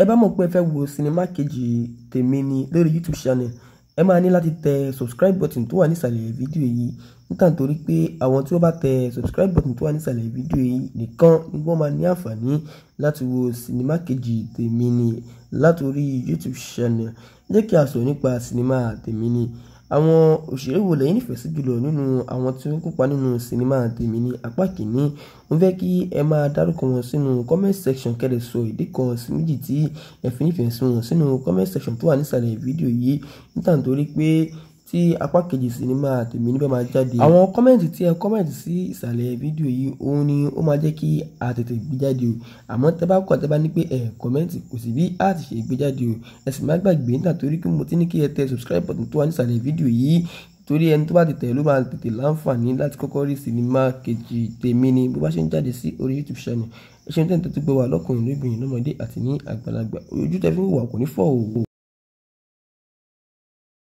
ẹ bá mọ̀ pé ẹ fẹ́ wo sinimá kejì tèmi ni lórí youtube channel ẹ máa ní láti tẹ subscribe button tó wà nísàlẹ̀ fídíò yìí nítorí torí pé àwọn tí wọ́n bá tẹ subscribe button tó wà nísàlẹ̀ fídíò yìí nìkan ni wọ́n máa ní àǹfààní láti wo sinimá kejì tèmi ni látòrí youtube channel jẹ́ kí a sọ nípa sinimá tèmi ni àwọn òṣèré wo lẹ́yìn nífẹ̀ẹ́ sí jùlọ nínú àwọn tí ó kópa nínú sinimá tèmi ní apá kìíní mo fẹ́ kí ẹ máa dárúkọ wọn sínú comment section kẹ́lẹ̀ sọ ìdí kan sí méjì tí ẹ fi nífẹ̀ẹ́ sí wọn sínú comment section tó wà nísàlẹ̀ fídíò yìí nítorí pé tí apá kejì sinimá tèmi níbẹ̀ máa jáde. àwọn kọ́mẹ̀ntì tí ẹ kọ́mẹ̀ntì sí ìsàlẹ̀ fídíò yìí òun ni ó máa jẹ́ kí a tètè gbé jáde o àmọ́ tẹ bá kọ̀ tẹ bá ní pé ẹ kọ́mẹ̀ntì kò sì bí a ti ṣe gbé jáde o ẹ sì má gbàgbé nígbà torí kí mo ti ní kí ẹ tẹ subscribe button tó wà nísàlẹ̀ fídíò yìí torí ẹni tó bá ti tẹ̀ ló máa tètè láǹfààní láti kọ́kọ́ rí sinimá kejì tèmi ni bó bá ṣe ń jáde sí orí youtube channel ẹ ṣeun tẹ́ǹtẹ́ tó gbé wa lọ́kùnrin lóbìnrin lọ́mọdé àti ní àgbàlagbà ojú tẹ fi ń kò ní fọ́ òwò.